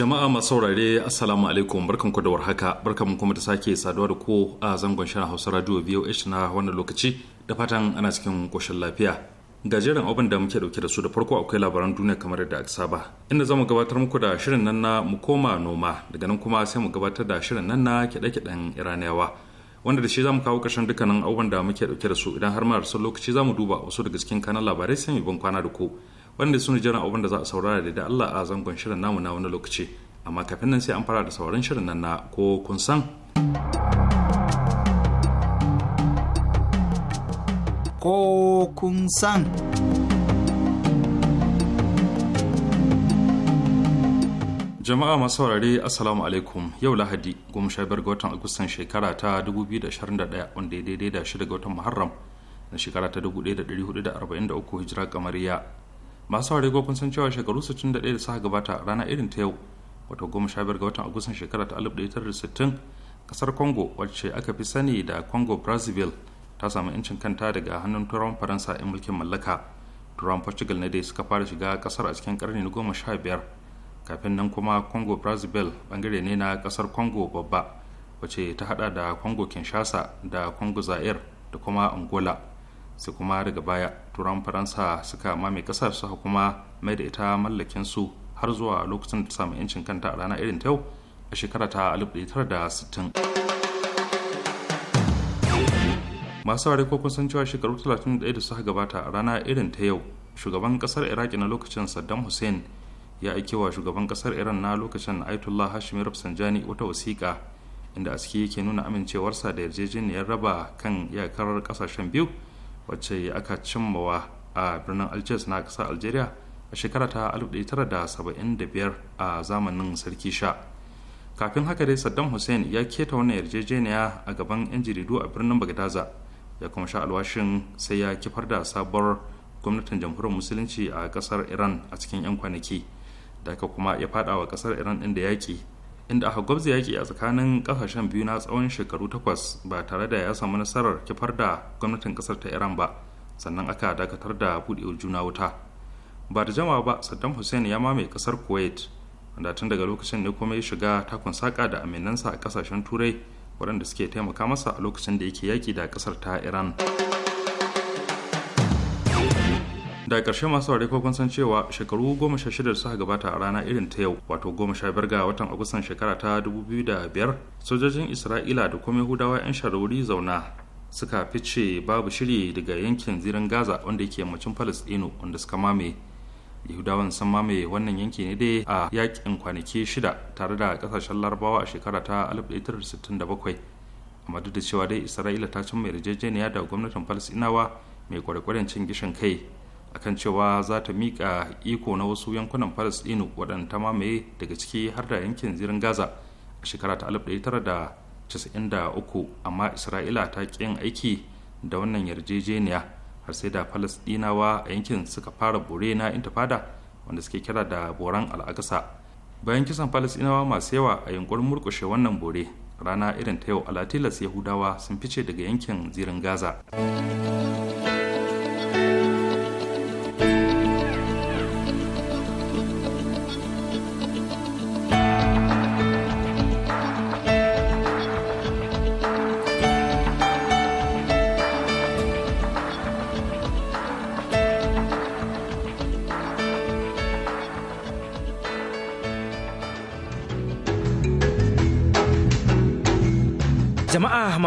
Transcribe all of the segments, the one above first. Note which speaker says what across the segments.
Speaker 1: Jama'a masu saurare Assalamu alaikum barkanku da warhaka barkanku kuma da sake saduwa da ku a zangon shirin Hausa Radio VOH na wannan lokaci da fatan ana cikin koshin lafiya. Gajeren abin da muke dauke da su da farko akwai labaran duniya kamar da aka saba inda zamu gabatar muku da shirin nan na mu koma noma daga nan kuma sai mu gabatar da shirin nan na kiɗe-kiɗen Iraniyawa wanda da shi zamu kawo ƙarshen dukkanin abubuwan da muke dauke da su idan har ma lokaci zamu duba wasu daga cikin kanan labarai sai mu bin kwana da ku. wanda su ne jiran abin da za a saurara da Allah a zangon shirin namu na wani lokaci amma kafin nan sai an fara da sauran shirin nan na ko kun san
Speaker 2: ko kun san
Speaker 1: jama'a masu saurare assalamu alaikum yau lahadi goma sha biyar ga watan agustan shekara ta 2021 wanda ya daidai da shida ga watan muharram na shekara ta 1443 hijira ya. masu ware kun san cewa shekaru 61 da suka gabata rana irin ta yau wato biyar ga watan agustan shekara ta 1960 kasar congo wacce aka fi sani da congo brazzaville ta samu 'yancin kanta daga hannun turawan faransa in mulkin mallaka turawan portugal na dai suka fara shiga kasar a cikin karni na goma sha biyar kafin nan kuma congo brazzaville bangare ne na kasar congo babba wacce ta hada da congo kinshasa da congo zaire da kuma angola sai kuma daga baya turan faransa suka mame kasar su kuma mai da ita mallakin su har zuwa lokacin da samu yancin kanta a rana irin ta a shekara ta 1960 masu saurari ko kun san cewa shekaru 31 da suka gabata a rana irin ta yau shugaban kasar iraki na lokacin saddam hussein ya aike wa shugaban kasar iran na lokacin aitullah hashimi rafsanjani wata wasiƙa inda a ciki yake nuna amincewarsa da yarjejeniyar raba kan iyakar kasashen biyu wacce aka cimmawa a birnin algiers na ƙasar algeria a shekara ta 1975 a zamanin sarki sha kafin haka dai saddam hussein ya keta wani yarjejeniya a gaban 'yan jaridu a birnin bagdaza ya kuma sha alwashin sai ya kifar da sabuwar gwamnatin jamhuriyar musulunci a kasar iran a cikin 'yan kwanaki da kuma ya fada wa kasar iran inda yaƙi inda aka gwabza yaki a tsakanin kasashen biyu na tsawon shekaru takwas ba tare da ya samu nasarar kifar da gwamnatin kasar ta iran ba sannan aka dakatar da buɗewar juna wuta ba da jama'a ba saddam hussein ya mamaye kasar kuwait wanda tun daga lokacin ne kuma ya shiga takun saƙa da aminansa a kasashen turai waɗanda suke taimaka masa a lokacin da yake yaki da kasar ta iran da ƙarshe masu ko kun san cewa shekaru goma sha shida suka gabata a rana irin ta yau wato goma sha biyar ga watan agustan shekara ta dubu da biyar sojojin isra'ila da kuma yahudawa 'yan sharori zauna suka fice babu shiri daga yankin zirin gaza wanda yake yammacin palestino wanda suka mame yahudawan sun mame wannan yanki ne dai a yakin kwanaki shida tare da kasashen larabawa a shekara ta 1967 amma da cewa dai isra'ila ta cimma yarjejeniya da gwamnatin falasinawa mai kwarekwaren cin gishin kai akan cewa za ta miƙa iko na wasu yankunan palestinu waɗanda mamaye daga ciki har da yankin zirin gaza a shekara ta 1993 amma isra'ila ta ƙin aiki da wannan yarjejeniya har sai da falasɗinawa a yankin suka fara bore na intifada wanda suke kira da boran al'agasa bayan kisan dinawa masu yawa a yunkurin murkushe wannan bore rana irin ta yau alatilas yahudawa sun fice daga yankin zirin gaza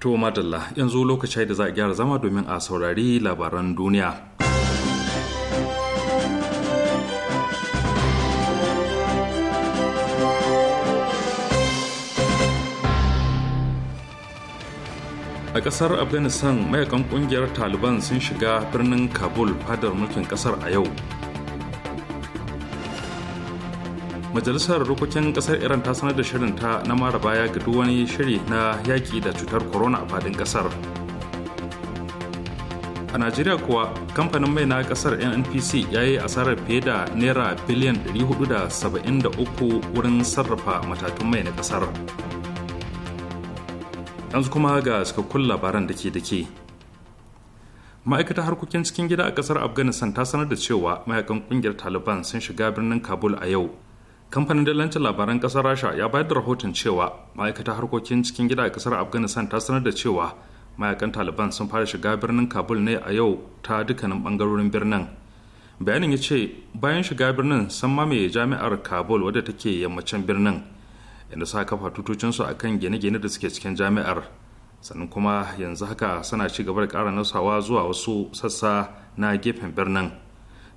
Speaker 1: To madalla yanzu lokaci da za a gyara zama domin a saurari labaran duniya. A ƙasar Afghanistan mayakan ƙungiyar Taliban sun shiga birnin Kabul fadar mulkin ƙasar a yau. majalisar dokokin kasar iran ta sanar da shirin ta na mara baya ga duk wani shiri na yaƙi da cutar corona a faɗin ƙasar a najeriya kuwa kamfanin mai na kasar nnpc ya yi asarar fiye da naira biliyan 473 wurin sarrafa matatun mai na kasar yanzu kuma ga cikakkun labaran da ke da ke ma'aikatar harkokin cikin gida a kasar afghanistan ta sanar da cewa mayakan kungiyar taliban sun shiga birnin kabul a yau kamfanin dalancin labaran kasar rasha ya bayar da rahoton cewa ma'aikatar harkokin cikin gida a kasar afghanistan ta sanar da cewa mayakan taliban sun fara shiga birnin kabul ne a yau ta dukkanin bangarorin birnin bayanin ya ce bayan shiga birnin sun mamaye jami'ar kabul wadda take yammacin birnin inda sa kafa tutocinsu a kan gine-gine da suke cikin jami'ar sannan kuma yanzu haka suna ci gaba da ƙara nasawa zuwa wasu sassa na gefen birnin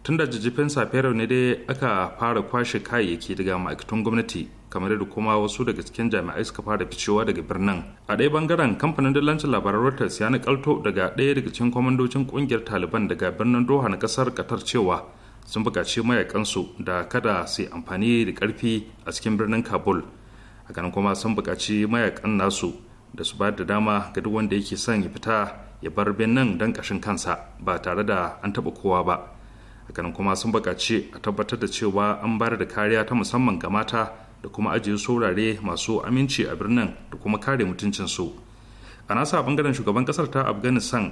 Speaker 1: tun da jijjifin safiyar ne dai aka fara kwashe kayayyaki daga ma'aikatan gwamnati kamar da kuma wasu daga cikin jami'ai suka fara ficewa daga birnin a ɗaya bangaren kamfanin dillancin labaran reuters ya nakalto daga ɗaya daga cikin kwamandocin ƙungiyar taliban daga birnin doha na ƙasar qatar cewa sun buƙaci mayakansu da kada su yi amfani da ƙarfi a cikin birnin kabul hakanan kuma sun buƙaci mayakan nasu da su bada da dama ga duk wanda yake son ya fita ya bar birnin don ƙashin kansa ba tare da an taɓa kowa ba hakanan kuma sun bukaci a tabbatar da cewa an bayar da kariya ta musamman ga mata da kuma ajiye su wurare masu aminci a birnin da kuma kare mutuncinsu a nasa bangaren shugaban kasar ta afghanistan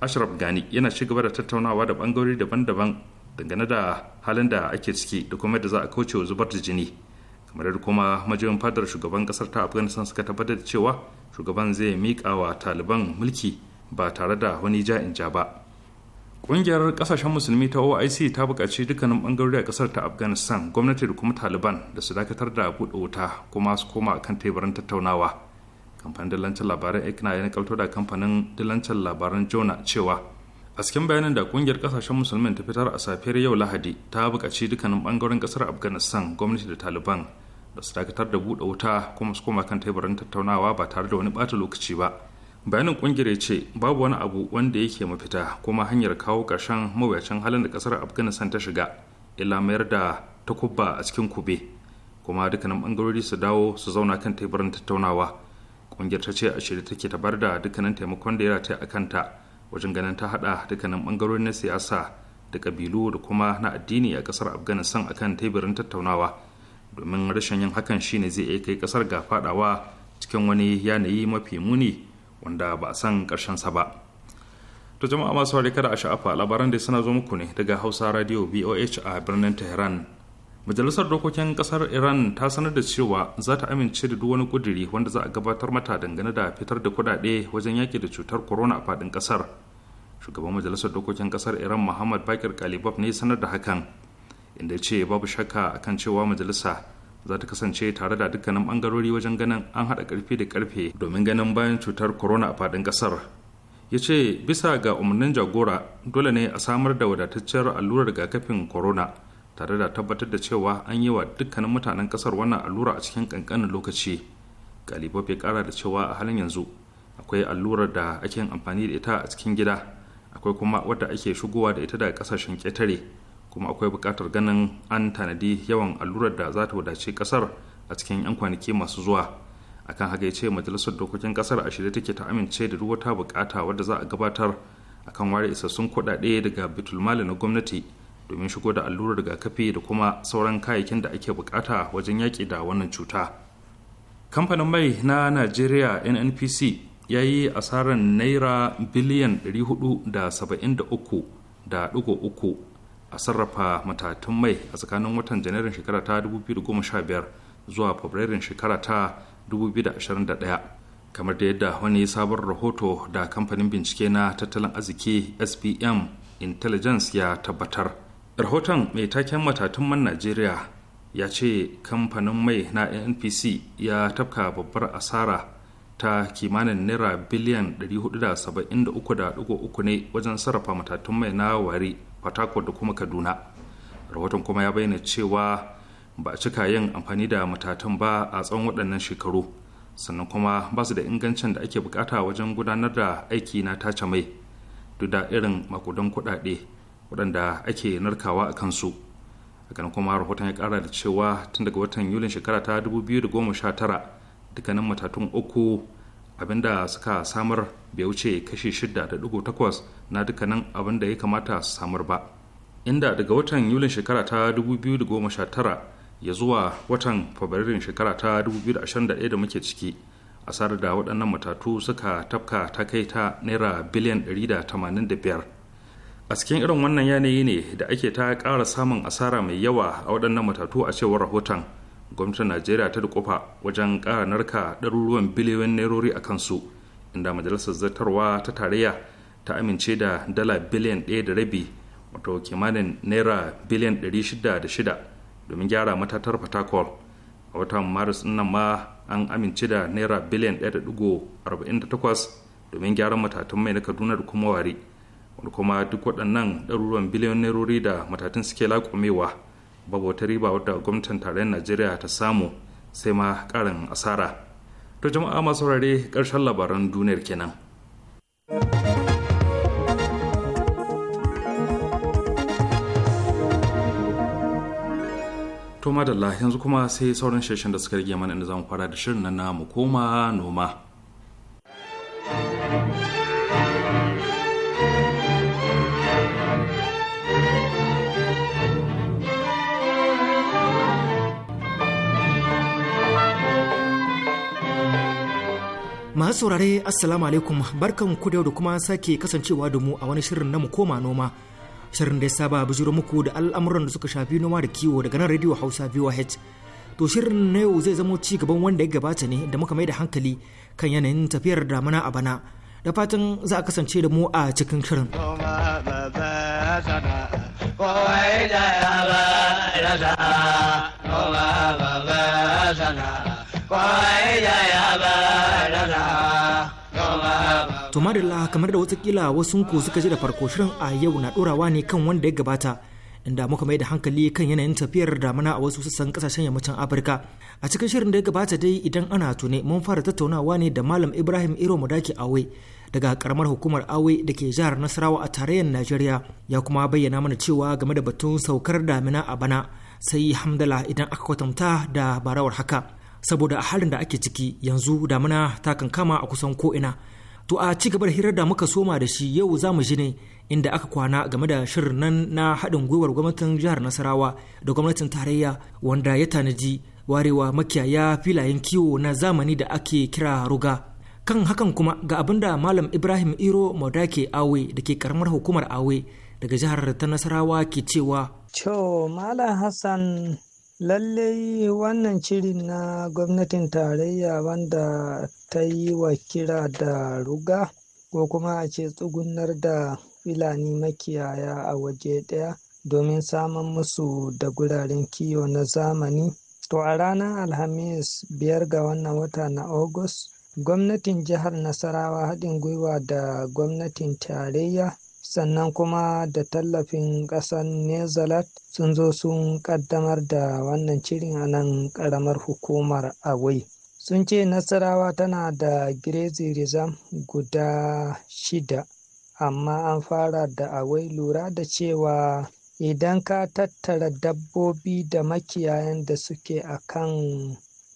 Speaker 1: ashraf gani yana ci gaba da tattaunawa da bangarori daban-daban dangane da halin da ake ciki da kuma yadda za a kauce wa zubar da jini kamar da kuma majiyoyin fadar shugaban kasar ta afghanistan suka tabbatar da cewa shugaban zai miƙa wa taliban mulki ba tare da wani ja in ja ba ƙungiyar ƙasashen musulmi ta oic ta buƙaci dukkanin ɓangarori a ƙasar ta afghanistan gwamnati da kuma taliban da su dakatar da buɗe wuta kuma su koma kan teburin tattaunawa kamfanin dillancin labaran ekna ya nakalto da kamfanin dillancin labaran jona cewa a cikin bayanin da kungiyar kasashen musulmin ta fitar a safiyar yau lahadi ta buƙaci dukkanin ɓangaren ƙasar afghanistan gwamnati da taliban da su dakatar da buɗe wuta kuma su koma kan teburin tattaunawa ba tare da wani ɓata lokaci ba bayanin kungiyar ya ce babu wani abu wanda yake mafita kuma hanyar kawo ƙarshen mawuyacin halin da ƙasar afghanistan ta shiga illa mayar da takubba a cikin kube kuma dukkanin bangarori su dawo su zauna kan teburin tattaunawa kungiyar ta ce a shirye take ta bar da dukkanin taimakon da ya rataya a kanta wajen ganin ta hada dukkanin bangarori na siyasa da kabilu da kuma na addini a kasar afghanistan akan teburin tattaunawa domin rashin yin hakan shine zai iya kai kasar ga fadawa cikin wani yanayi mafi muni wanda ba a san sa ba to jama'a masu hari kada a sha'afa labaran da suna zo muku ne daga hausa radio boh a birnin tehran majalisar dokokin kasar iran ta sanar da cewa za ta amince da duk wani kuduri wanda za a gabatar mata dangane da fitar da kudade wajen yaki da cutar corona a faɗin kasar shugaban majalisar dokokin kasar iran muhammad bakir kalibab ne sanar da hakan inda ce babu shakka akan cewa majalisa za ta kasance tare da dukkanin bangarori wajen ganin an haɗa ƙarfi da ƙarfe domin ganin bayan cutar corona a faɗin ƙasar ya ce bisa ga umarnin jagora dole ne a samar da wadatacciyar allurar rigakafin corona tare da tabbatar da cewa an yi wa dukkanin mutanen ƙasar wannan allura a cikin ƙanƙanin lokaci galibab ya ƙara da cewa a halin yanzu akwai allurar da ake amfani da ita a cikin gida akwai kuma wadda ake shigowa da ita daga ƙasashen ƙetare kuma akwai buƙatar ganin an tanadi yawan allurar da za ta wadace ƙasar a cikin 'yan kwanaki masu zuwa akan haka ya ce majalisar dokokin ƙasar a shirye take ta amince da duk wata buƙata wadda za a gabatar akan ware isassun kuɗaɗe daga bitulmali na gwamnati domin shigo da allurar rigakafi da kuma sauran kayayyakin da ake bukata wajen yaƙi da wannan cuta kamfanin mai na najeriya nnpc ya yi asarar naira biliyan 473.3 a sarrafa matatun mai a tsakanin watan janairun shekara ta 2015 zuwa fabrairun shekara ta 2021 kamar da yadda wani sabon rahoto da kamfanin bincike na tattalin arziki sbm intelligence ya tabbatar rahoton mai taken matatun man najeriya ya ce kamfanin mai na npc ya tafka babbar asara ta kimanin naira biliyan 473.3 ne wajen sarrafa matatun mai na ware fatakwal da kuma kaduna rahoton kuma ya bayyana cewa ba a cika yin amfani da matatan ba a tsawon waɗannan shekaru sannan kuma ba su da ingancin da ake bukata wajen gudanar da aiki na tace mai duk da irin makudan kuɗaɗe waɗanda ake narkawa a kansu hakan kuma rahoton ya ƙara da cewa tun daga watan yulin shekara ta 2019 dukkanin matatun uku abinda suka samar bai wuce kashi 6.8 na dukkanin abin da ya kamata su samar ba inda daga watan yulin shekara ta 2019 ya zuwa watan fabrairun shekara ta 2021 da muke ciki asarar da waɗannan matatu suka tafka ta kai ta naira biliyan 185 a cikin irin wannan yanayi ne da ake ta ƙara samun asara mai yawa a waɗannan matatu a cewar rahoton gwamnatin najeriya ta dukufa wajen kara narka ɗaruruwan biliyoyin nairori a kansu inda majalisar zartarwa ta tarayya ta amince da dala biliyan ɗaya da rabi wato kimanin naira biliyan ɗari shida da shida domin gyara matatar fatakwal a watan maris nan ma an amince da naira biliyan ɗaya da ɗigo arba'in da takwas domin gyaran matatun mai na kaduna da kuma wari wanda kuma duk waɗannan ɗaruruwan biliyan nairori da matatun suke laƙumewa babu wata riba wadda gwamnatin tarayyar najeriya ta samu sai ma karin asara to jama'a masu rare karshen labaran duniyar kenan to madalla yanzu kuma sai sauran sheshen da suka rage mana inda zamu fara da shirin nan na mu koma noma
Speaker 3: Masu saurare Assalamu alaikum barkan ku da yau da kuma sake kasancewa da mu a wani shirin na mu koma noma. Shirin da ya saba bijiro muku da al'amuran da suka shafi noma da kiwo daga nan Radio Hausa VOH. To shirin na yau zai zamo ci gaban wanda ya gabata ne da muka mai da hankali kan yanayin tafiyar damana a bana. Da fatan za a kasance da mu a cikin shirin. Oh, To madalla kamar da watakila ku suka ji da farko shirin a yau na dorawa ne kan wanda ya gabata inda muka mai da hankali kan yanayin tafiyar damana a wasu sassan kasashen yammacin Afirka. A cikin shirin da ya gabata dai idan ana tune mun fara tattaunawa ne da Malam Ibrahim Iro Mudaki Awe daga karamar hukumar Awe da ke jihar Nasarawa a tarayyar Najeriya ya kuma bayyana mana cewa game da batun saukar damina a bana sai hamdala idan aka kwatanta da barawar haka. saboda a halin da ake ciki yanzu damuna ta kankama a kusan ko'ina to a ci gaba da hirar da muka soma da shi yau za mu ji ne inda aka kwana game da shirin nan na haɗin gwiwar gwamnatin jihar nasarawa da gwamnatin tarayya wanda ya tanaji warewa makiyaya filayen kiwo na zamani da ake kira ruga kan hakan kuma ga abin da malam ibrahim iro modake awe da ke karamar hukumar awe daga jihar ta nasarawa ke cewa
Speaker 4: Cho, malam hassan lallai wannan shirin na gwamnatin tarayya wanda ta yi wa kira da ruga ko kuma a ce tsugunar da filani makiyaya a waje ɗaya domin samun musu da guraren kiwo na zamani to a ranar alhamis biyar ga wannan wata na agus gwamnatin jihar nasarawa haɗin gwiwa da gwamnatin tarayya sannan kuma da tallafin ƙasar Nezalat sun zo sun ƙaddamar da wannan shirin a nan ƙaramar hukumar Awai. Sun ce Nasarawa tana da Grazi Rizam guda shida, amma an fara da Awai lura da cewa idan ka tattara dabbobi da makiyayan da suke a kan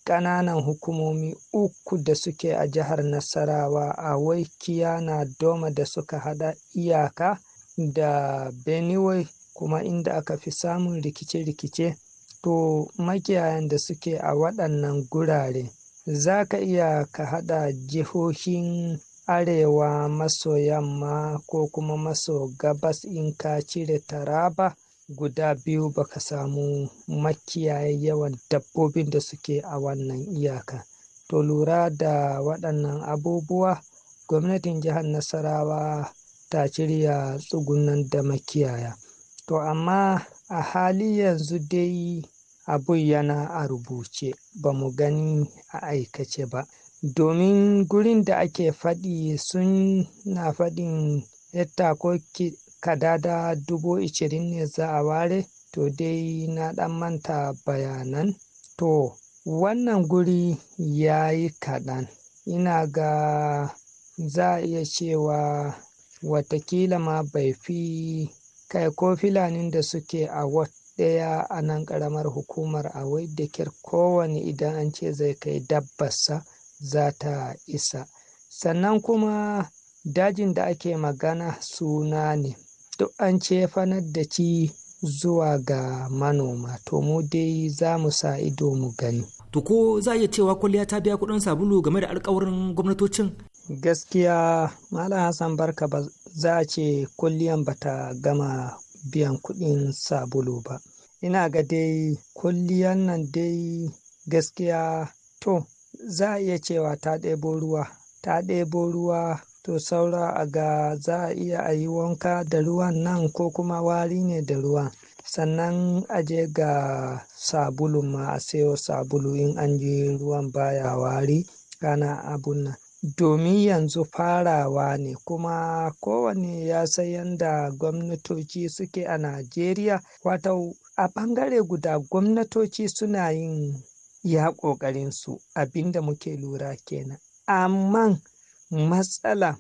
Speaker 4: ƙananan hukumomi uku da suke a jihar Nasarawa a Waikiya na Doma da suka haɗa iyaka da Benue kuma inda aka fi samun rikice-rikice to makiyayan da suke a waɗannan gurare za ka iya ka haɗa jihohin arewa maso yamma ko kuma maso gabas in ka cire taraba guda biyu baka samu makiyaye yawan dabbobin da suke a wannan iyaka to lura da waɗannan abubuwa gwamnatin jihar nasarawa ta shirya tsugunan da makiyaya to amma a hali yanzu dai abun yana a rubuce ba mu gani a aikace ba domin gurin da ake faɗi sun na faɗin ko kadada dubu ishirin ne za a ware to dai na ɗan manta bayanan to wannan guri ya yi kaɗan ina ga za a iya cewa watakila ma bai fi kai ko filanin da suke a ɗaya a nan ƙaramar hukumar a wai da kyar kowane idan an ce zai kai dabbasa za ta isa sannan kuma dajin da ake magana suna ne duk an cefanar da ci zuwa ga manoma to mu dai za mu sa ido mu gani. To ko
Speaker 3: za a iya cewa kwalliya ta biya kuɗin
Speaker 4: sabulu game da alkawarin gwamnatocin? Gaskiya Malam Hassan Barka ba za a ce kwalliyan ba ta gama biyan kuɗin sabulu ba. Ina ga dai kwalliyan nan dai gaskiya to za a iya cewa ta ɗebo ruwa ta ɗebo ruwa to saura a ga za a iya a yi wanka da ruwan nan ko kuma wari ne da ruwan sannan a je ga sabulu ma a sayo sabulu in an ji ruwan baya wari kana abun nan domin yanzu farawa ne kuma kowane ya san yadda gwamnatoci suke a najeriya wato a ɓangare guda gwamnatoci suna yin ya ƙoƙarinsu abinda muke lura kenan amman matsala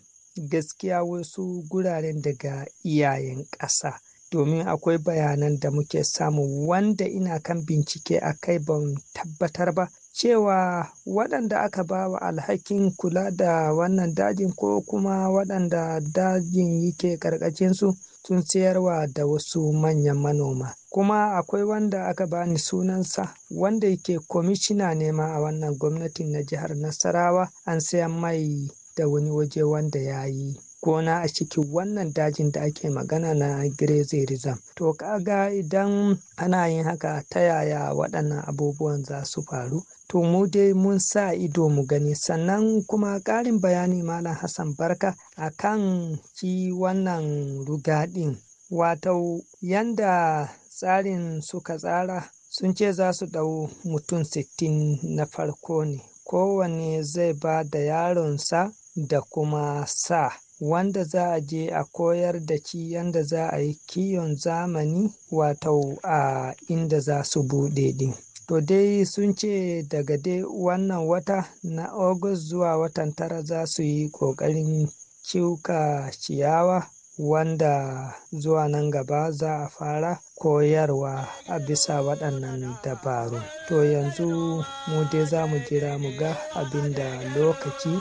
Speaker 4: gaskiya wasu guraren daga iyayen ƙasa domin akwai bayanan da muke samu wanda ina kan bincike a kai ban tabbatar ba cewa waɗanda aka ba wa alhakin kula da wannan dajin ko kuma waɗanda dajin yake su, sun sayarwa da wasu manyan manoma kuma akwai wanda aka bani sunansa wanda yake kwamishina nema a wannan gwamnatin na jihar nasarawa an sayan mai da wani waje wanda ya yi gona a cikin wannan dajin da ake magana na grazing to kaga idan ana yin haka ta yaya waɗannan abubuwan za su faru to mu dai mun sa ido mu gani sannan kuma ƙarin bayani malam hassan barka a akan shi wannan rugaɗin wato yanda tsarin suka tsara sun ce za su ɗau mutum sittin na farko ne kowane zai ba da yaronsa da kuma sa wanda za a je a koyar da ki yanda za a yi kiyon zamani wato a inda za su buɗe ɗin? To dai sun ce daga dai wannan wata na August zuwa watan tara za su yi ƙoƙarin ciuka ciyawa wanda zuwa nan gaba za a fara koyarwa a bisa waɗannan dabaru to yanzu mu dai za mu jira mu ga abin da lokaci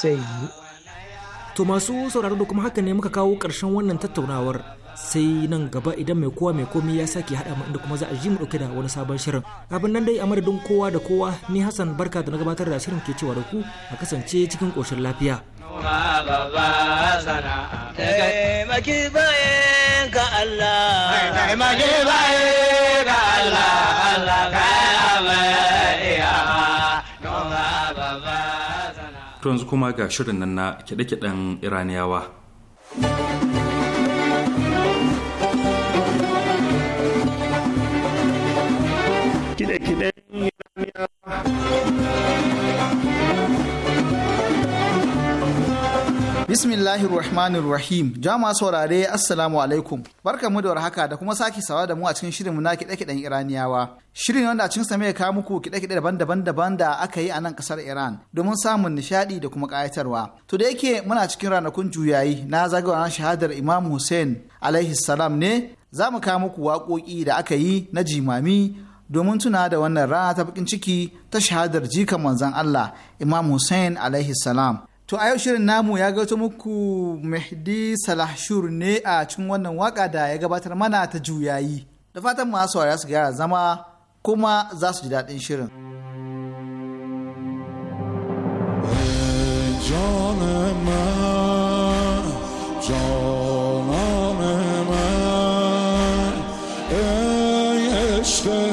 Speaker 4: zai yi to masu sauraro da kuma haka ne muka kawo
Speaker 3: ƙarshen wannan tattaunawar sai nan gaba idan mai kowa mai komi ya sake haɗa mu inda kuma za a ji mu ɗauke da wani sabon shirin abin nan dai a madadin kowa da kowa ni hassan barka da na gabatar da shirin ke cewa da ku a kasance cikin ƙoshin lafiya
Speaker 5: taimaki
Speaker 1: To yanzu kuma ga shirin nan na kiɗe-kiɗen Iraniyawa.
Speaker 2: Bismillahir Rahmanir Rahim. Jama saurare Assalamu alaikum. mu da warhaka da kuma sake sawa da mu a cikin shirinmu na kiɗe-kiɗen Iraniyawa. Shirin wanda cikin sa mai kawo muku kiɗe-kiɗe daban-daban daban da aka yi a nan ƙasar Iran domin samun nishaɗi da kuma ƙayatarwa. To da yake muna cikin ranakun juyayi na zagawa shahadar Imam Hussein alaihi salam ne za mu kawo muku waƙoƙi da aka yi na jimami domin tuna da wannan rana ta bakin ciki ta shahadar jika manzan Allah Imam Hussein alaihi salam. To a yau shirin namu ya gato muku Mehdi Shur ne a cikin wannan waka da ya gabatar mana ta juyayi. Da fatan masu su gyara zama kuma za su ji daɗin shirin.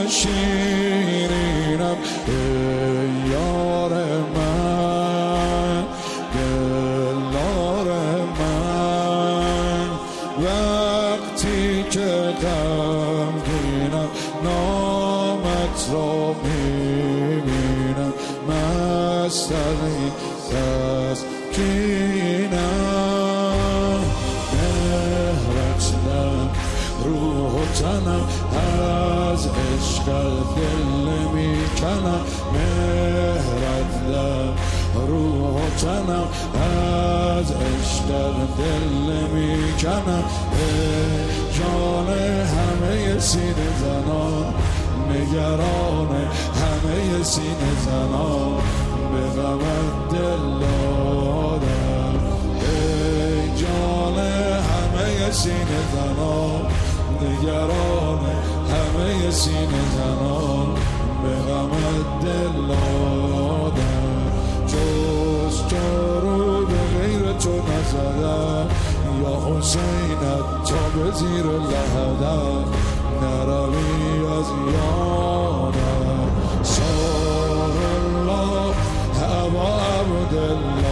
Speaker 5: encher. میزنم از عشق در دل کنم جان همه سینه زنان نگران همه سینه زنان به غمت دل دادم ای جان همه سینه زنان نگران همه سینه زنان به غمت دل دادم دوست تو رو به غیر تو نزدم یا حسینت تا به زیر لحدم نروی از یادم سار الله هوا عبدالله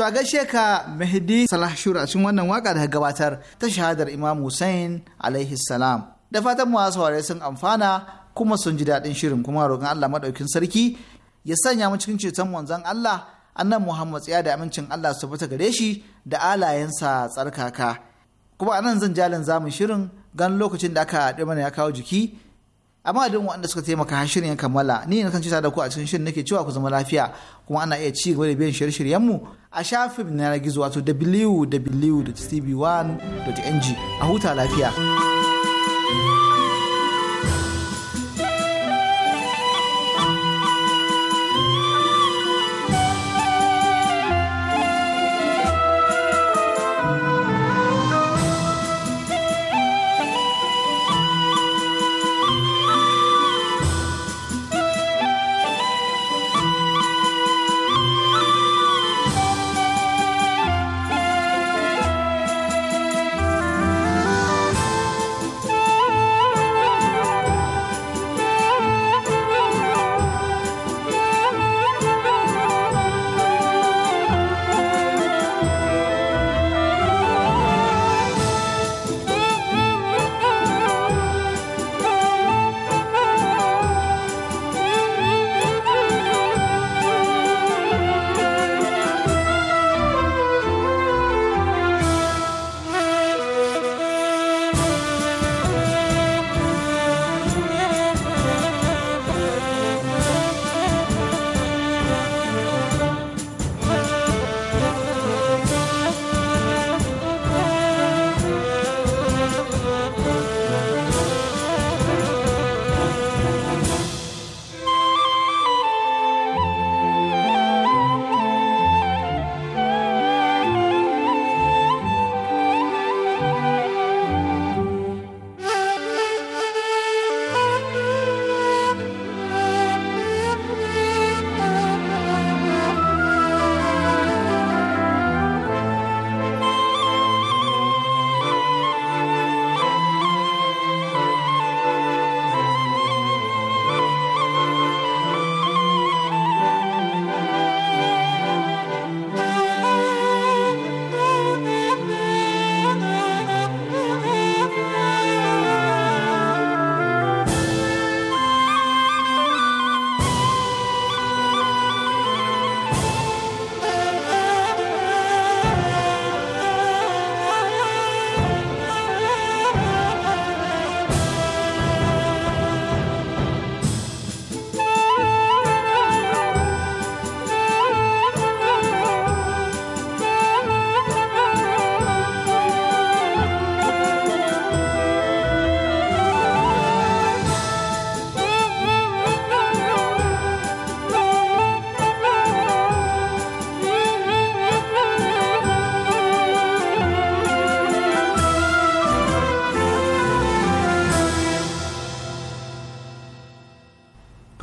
Speaker 2: To a gaishe ka Mahdi Salah Shura cikin wannan waka da gabatar ta shahadar Imam Hussein alaihi salam. Da fatan mu saurare sun amfana kuma sun ji daɗin shirin kuma roƙon Allah maɗaukin sarki ya sanya mu cikin ceton wanzan Allah annan Muhammad tsaya da amincin Allah su fita gare shi da alayensa tsarkaka. Kuma anan zan jalin zamu shirin gan lokacin da aka haɗe mana ya kawo jiki amma duk waɗanda suka taimaka shirin ya kammala ni na kan cita da ku a cikin shirin nake cewa ku zama lafiya kuma ana iya ci gaba da biyan shirye-shiryenmu a shafin na gizo wato www.tv1.ng a huta lafiya.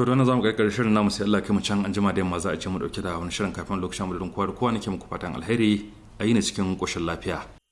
Speaker 1: da wannan zamu karkar shirin namu sai Allah kai mu can anjima da yamma za a ce mu dauke da wani shirin kafin lokacin mu da kowa da kowa nake muku fatan alheri a yi na cikin koshin lafiya